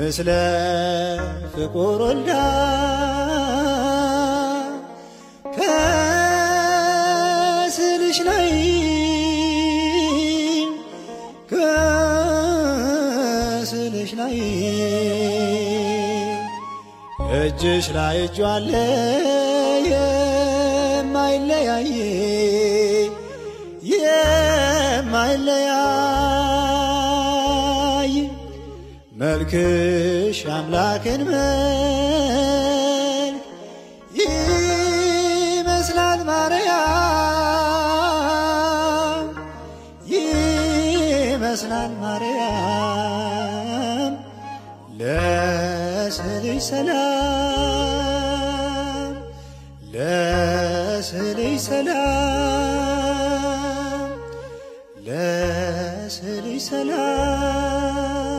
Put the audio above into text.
ምስለ ፍቁር ወልዳ ከስልሽ ላይ ከስልሽ ላይ እጅሽ ላይ እጇ አለ የማይለያይ የማይለያይ መልክሽ አምላክን መልክ ይመስላል ማርያም ይመስላል ማርያም ለስልሽ ሰላም ለስልሽ ሰላም ለስልሽ ሰላም